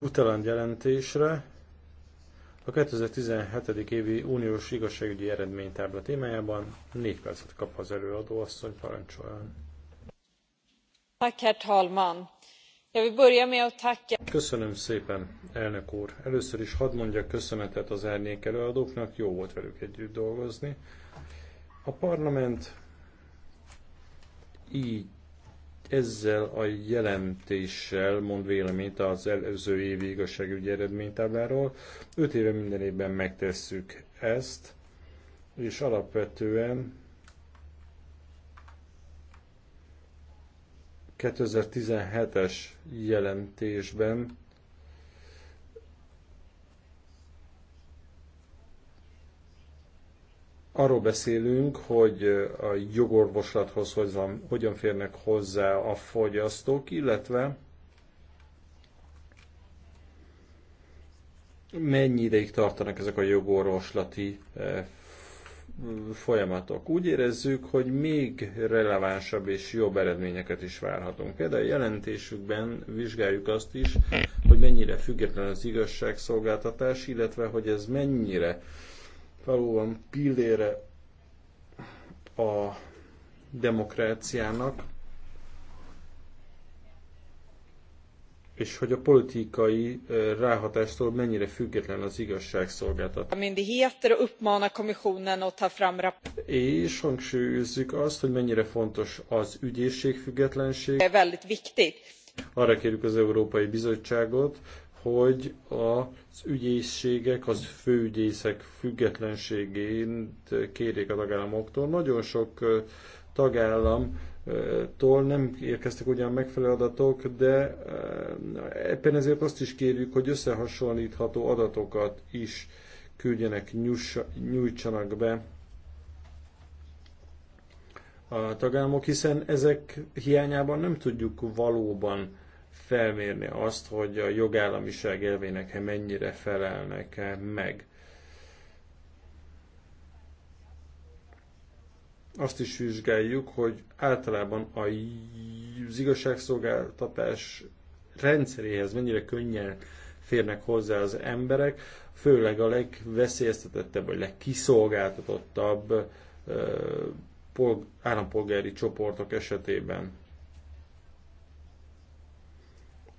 utalan jelentésre a 2017. évi uniós igazságügyi eredménytábla témájában négy percet kap az előadó asszony parancsoljon. Köszönöm szépen, elnök úr. Először is hadd mondjak köszönetet az árnyék előadóknak, jó volt velük együtt dolgozni. A parlament így ezzel a jelentéssel mond véleményt az előző évi igazságügyi eredménytábláról. Öt éve minden évben megtesszük ezt, és alapvetően 2017-es jelentésben arról beszélünk, hogy a jogorvoslathoz hozzam, hogyan férnek hozzá a fogyasztók, illetve mennyi ideig tartanak ezek a jogorvoslati eh, folyamatok. Úgy érezzük, hogy még relevánsabb és jobb eredményeket is várhatunk. Például a jelentésükben vizsgáljuk azt is, hogy mennyire független az igazságszolgáltatás, illetve hogy ez mennyire valóban pillére a demokráciának, és hogy a politikai ráhatástól mennyire független az igazságszolgáltatás. És hangsúlyozzuk azt, hogy mennyire fontos az ügyészség függetlenség. Arra kérjük az Európai Bizottságot, hogy az ügyészségek, az főügyészek függetlenségén kérik a tagállamoktól. Nagyon sok tagállam Tól nem érkeztek ugyan megfelelő adatok, de ebben ezért azt is kérjük, hogy összehasonlítható adatokat is küldjenek, nyújtsanak be a tagállamok, hiszen ezek hiányában nem tudjuk valóban felmérni azt, hogy a jogállamiság elvének mennyire felelnek -e meg. Azt is vizsgáljuk, hogy általában az igazságszolgáltatás rendszeréhez mennyire könnyen férnek hozzá az emberek, főleg a legveszélyeztetettebb vagy legkiszolgáltatottabb állampolgári csoportok esetében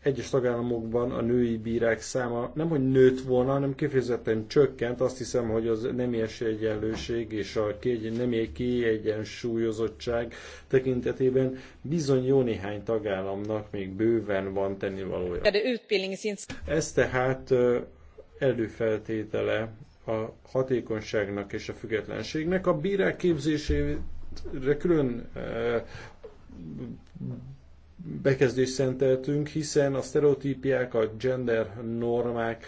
egyes tagállamokban a női bírák száma nem, hogy nőtt volna, hanem kifejezetten csökkent. Azt hiszem, hogy az nemi egyenlőség és a nemi kiegyensúlyozottság tekintetében bizony jó néhány tagállamnak még bőven van tennivalója. Ez tehát előfeltétele a hatékonyságnak és a függetlenségnek. A bírák képzésére külön bekezdést szenteltünk, hiszen a sztereotípiák, a gender normák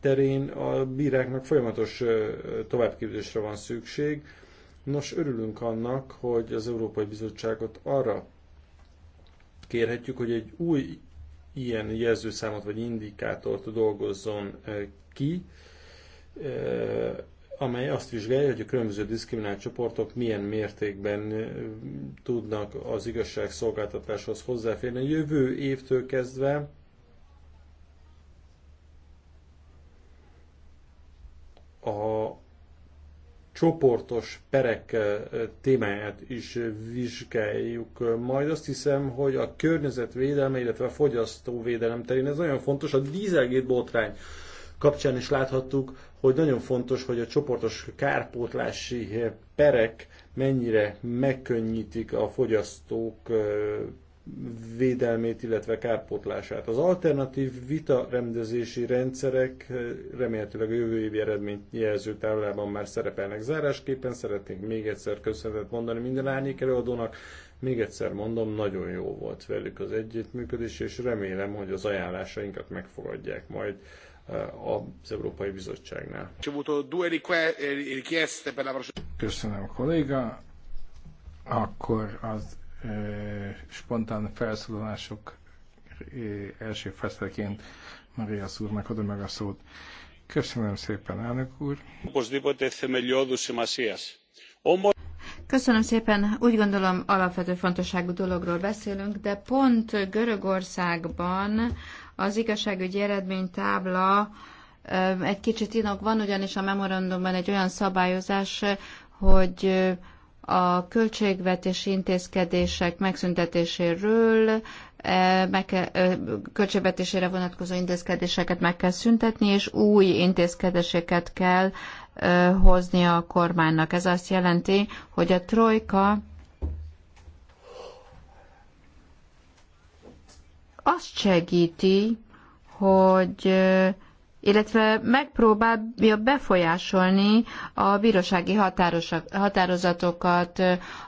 terén a bíráknak folyamatos továbbképzésre van szükség. Nos, örülünk annak, hogy az Európai Bizottságot arra kérhetjük, hogy egy új ilyen jelzőszámot vagy indikátort dolgozzon ki, amely azt vizsgálja, hogy a különböző diszkriminált csoportok milyen mértékben tudnak az igazságszolgáltatáshoz hozzáférni. A jövő évtől kezdve a csoportos perek témáját is vizsgáljuk majd. Azt hiszem, hogy a környezetvédelme, illetve a fogyasztóvédelem terén ez nagyon fontos. A dízelgét botrány kapcsán is láthattuk, hogy nagyon fontos, hogy a csoportos kárpótlási perek mennyire megkönnyítik a fogyasztók védelmét, illetve kárpótlását. Az alternatív vita rendezési rendszerek remélhetőleg a jövő évi eredményt jelző táblában már szerepelnek. Zárásképpen szeretnénk még egyszer köszönetet mondani minden árnyék előadónak. Még egyszer mondom, nagyon jó volt velük az együttműködés, és remélem, hogy az ajánlásainkat megfogadják majd Eh, az Európai Bizottságnál. Köszönöm, kolléga. Akkor az e, spontán felszólalások e, első feszteként Maria Szúrnak adom meg a szót. Köszönöm szépen, elnök úr. Köszönöm szépen. Úgy gondolom, alapvető fontosságú dologról beszélünk, de pont Görögországban az igazságügyi eredménytábla egy kicsit inok van, ugyanis a memorandumban egy olyan szabályozás, hogy a költségvetési intézkedések megszüntetéséről meg kell, költségvetésére vonatkozó intézkedéseket meg kell szüntetni, és új intézkedéseket kell hozni a kormánynak. Ez azt jelenti, hogy a trojka azt segíti, hogy illetve megpróbálja befolyásolni a bírósági határozatokat,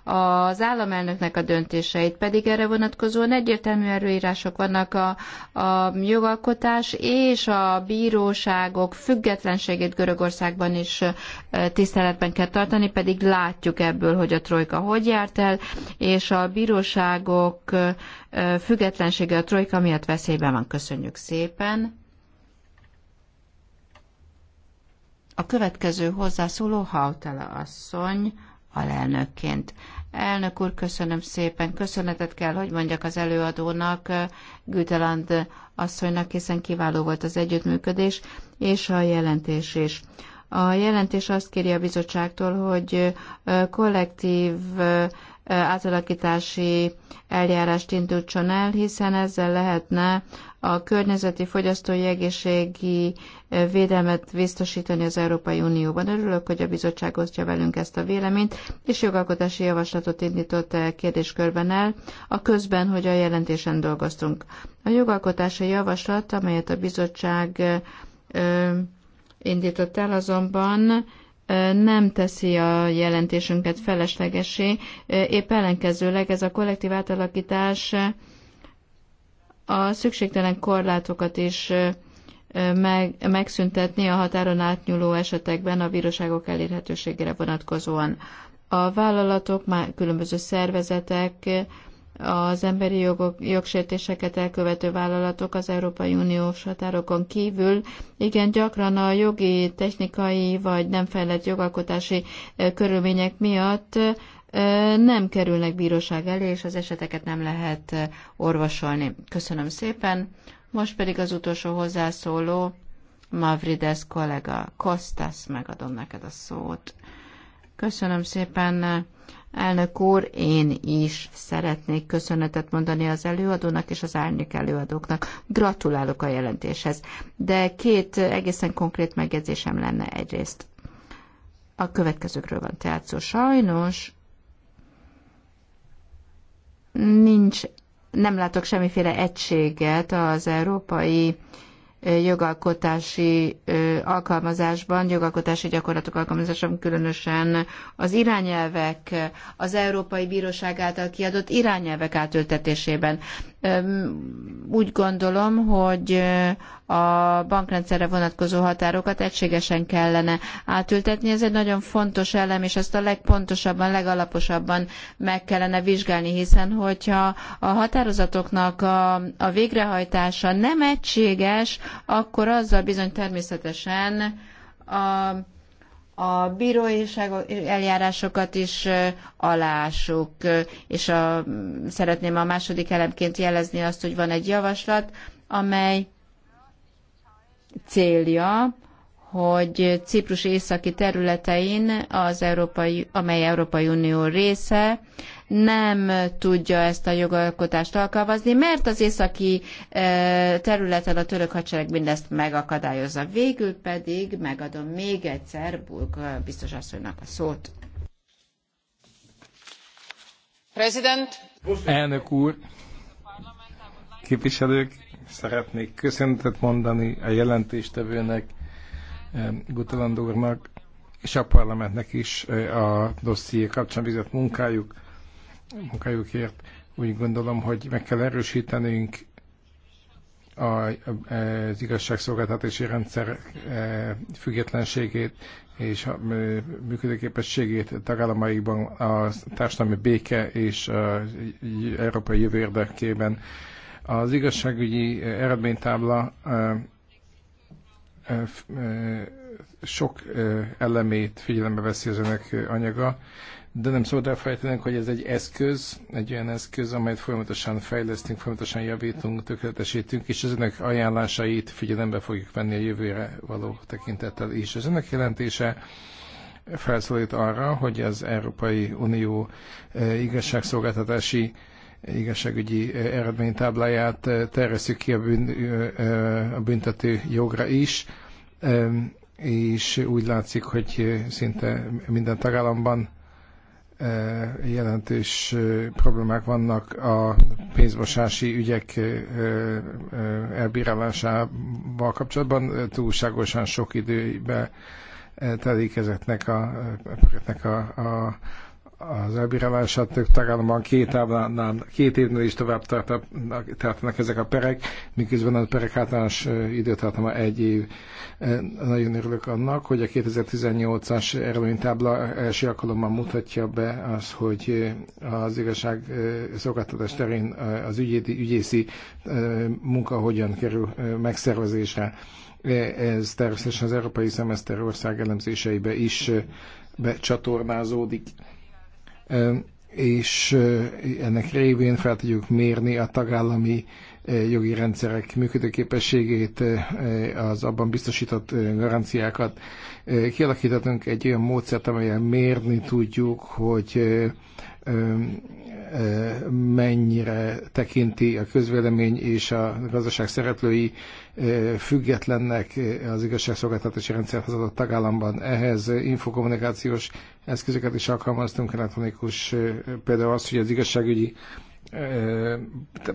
az államelnöknek a döntéseit, pedig erre vonatkozóan egyértelmű erőírások vannak a, a jogalkotás és a bíróságok függetlenségét Görögországban is tiszteletben kell tartani, pedig látjuk ebből, hogy a trojka hogy járt el, és a bíróságok függetlensége a trojka miatt veszélyben van. Köszönjük szépen! A következő hozzászóló Hautala asszony, alelnökként. Elnök úr, köszönöm szépen. Köszönetet kell, hogy mondjak az előadónak, Güteland asszonynak, hiszen kiváló volt az együttműködés, és a jelentés is. A jelentés azt kéri a bizottságtól, hogy kollektív átalakítási eljárást indultson el, hiszen ezzel lehetne a környezeti fogyasztói egészségi eh, védelmet biztosítani az Európai Unióban. Örülök, hogy a bizottság osztja velünk ezt a véleményt, és jogalkotási javaslatot indított el kérdéskörben el, a közben, hogy a jelentésen dolgoztunk. A jogalkotási javaslat, amelyet a bizottság ö, eh, eh, indított el, azonban nem teszi a jelentésünket feleslegesé, épp ellenkezőleg ez a kollektív átalakítás a szükségtelen korlátokat is meg, megszüntetni a határon átnyúló esetekben a bíróságok elérhetőségére vonatkozóan. A vállalatok, már különböző szervezetek, az emberi jogok, jogsértéseket elkövető vállalatok az Európai Uniós határokon kívül igen gyakran a jogi, technikai vagy nem fejlett jogalkotási körülmények miatt nem kerülnek bíróság elé, és az eseteket nem lehet orvosolni. Köszönöm szépen. Most pedig az utolsó hozzászóló, Mavrides kollega. Kostas, megadom neked a szót. Köszönöm szépen, elnök úr. Én is szeretnék köszönetet mondani az előadónak és az árnyék előadóknak. Gratulálok a jelentéshez. De két egészen konkrét megjegyzésem lenne egyrészt. A következőkről van tehát szó. Sajnos nincs, nem látok semmiféle egységet az európai jogalkotási alkalmazásban, jogalkotási gyakorlatok alkalmazásában, különösen az irányelvek, az Európai Bíróság által kiadott irányelvek átültetésében. Úgy gondolom, hogy a bankrendszerre vonatkozó határokat egységesen kellene átültetni. Ez egy nagyon fontos elem, és ezt a legpontosabban, legalaposabban meg kellene vizsgálni, hiszen hogyha a határozatoknak a, a végrehajtása nem egységes, akkor azzal bizony természetesen a a bírói eljárásokat is alássuk, és a, szeretném a második elemként jelezni azt, hogy van egy javaslat, amely célja, hogy Ciprus északi területein, az Európai, amely Európai Unió része, nem tudja ezt a jogalkotást alkalmazni, mert az északi e, területen a török hadsereg mindezt megakadályozza. Végül pedig megadom még egyszer Burg biztos asszonynak a szót. President. Elnök úr, képviselők, szeretnék köszöntet mondani a jelentéstevőnek, e, Gutaland és a parlamentnek is e, a dosszié kapcsán vizet munkájuk munkájukért. Úgy gondolom, hogy meg kell erősítenünk a, az igazságszolgáltatási rendszer e, függetlenségét és e, működőképességét tagállamaikban a társadalmi béke és a e, európai jövő érdekében. Az igazságügyi eredménytábla sok elemét figyelembe veszi az önök anyaga de nem szabad elfelejtenünk, hogy ez egy eszköz, egy olyan eszköz, amelyet folyamatosan fejlesztünk, folyamatosan javítunk, tökéletesítünk, és az önök ajánlásait figyelembe fogjuk venni a jövőre való tekintettel is. Az önök jelentése felszólít arra, hogy az Európai Unió eh, igazságszolgáltatási eh, igazságügyi eh, eredménytábláját terjesszük ki a, bűn, a büntető jogra is, és úgy látszik, hogy szinte minden tagállamban jelentős problémák vannak a pénzmosási ügyek elbírálásával kapcsolatban. Túlságosan sok időbe telik ezeknek a, a, a az elbírálását több tagállamban két, évnál, két évnél is tovább tartanak ezek a perek, miközben a perek általános időtartama egy év. Nagyon örülök annak, hogy a 2018-as eredménytábla első alkalommal mutatja be az, hogy az igazság szolgáltatás terén az ügyéti, ügyészi munka hogyan kerül megszervezésre. Ez természetesen az európai szemeszter ország elemzéseibe is becsatornázódik és ennek révén fel tudjuk mérni a tagállami jogi rendszerek működőképességét, az abban biztosított garanciákat. Kialakítottunk egy olyan módszert, amelyen mérni tudjuk, hogy mennyire tekinti a közvélemény és a gazdaság szereplői függetlennek az igazságszolgáltatási rendszerhez adott tagállamban. Ehhez infokommunikációs eszközöket is alkalmaztunk, elektronikus, például az, hogy az igazságügyi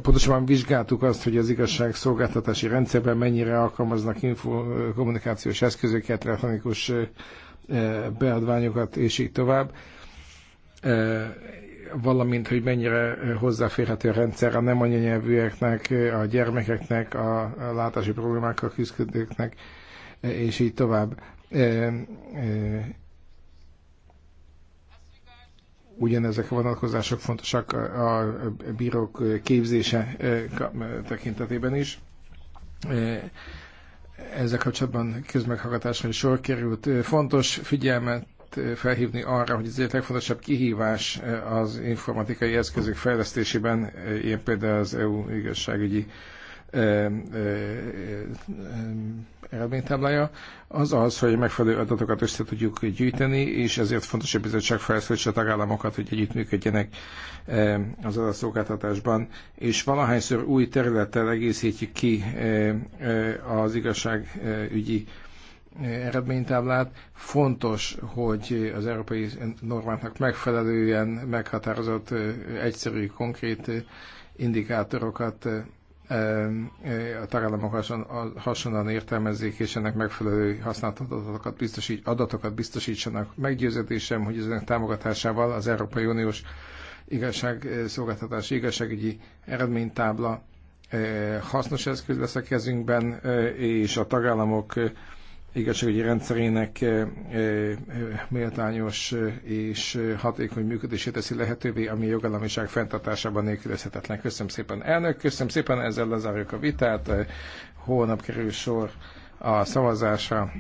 pontosabban vizsgáltuk azt, hogy az igazságszolgáltatási rendszerben mennyire alkalmaznak infokommunikációs eszközöket, elektronikus beadványokat, és így tovább valamint, hogy mennyire hozzáférhető a rendszer a nem anyanyelvűeknek, a gyermekeknek, a látási problémákkal küzdőknek, és így tovább. Ugyanezek a vonatkozások fontosak a bírók képzése tekintetében is. Ezzel kapcsolatban közmeghallgatásra is sor került. Fontos figyelmet felhívni arra, hogy azért legfontosabb kihívás eh, az informatikai eszközök fejlesztésében, eh, ilyen például az EU igazságügyi eredménytáblája, eh, az az, hogy megfelelő adatokat össze tudjuk gyűjteni, és ezért fontos, hogy a bizottság felszólítsa a tagállamokat, hogy együttműködjenek az adatszolgáltatásban, és valahányszor új területtel egészítjük ki az igazságügyi eredménytáblát. Fontos, hogy az európai normáknak megfelelően meghatározott egyszerű, konkrét indikátorokat a tagállamok hasonlóan értelmezzék, és ennek megfelelő használható adatokat, biztosít, adatokat biztosítsanak. Meggyőződésem, hogy az támogatásával az Európai Uniós igazságszolgáltatási igazságügyi eredménytábla hasznos eszköz lesz a kezünkben, és a tagállamok igazságügyi rendszerének eh, eh, méltányos eh, és hatékony működését teszi lehetővé, ami a jogállamiság fenntartásában nélkülözhetetlen. Köszönöm szépen, elnök, köszönöm szépen, ezzel lezárjuk a vitát. Holnap kerül sor a szavazásra.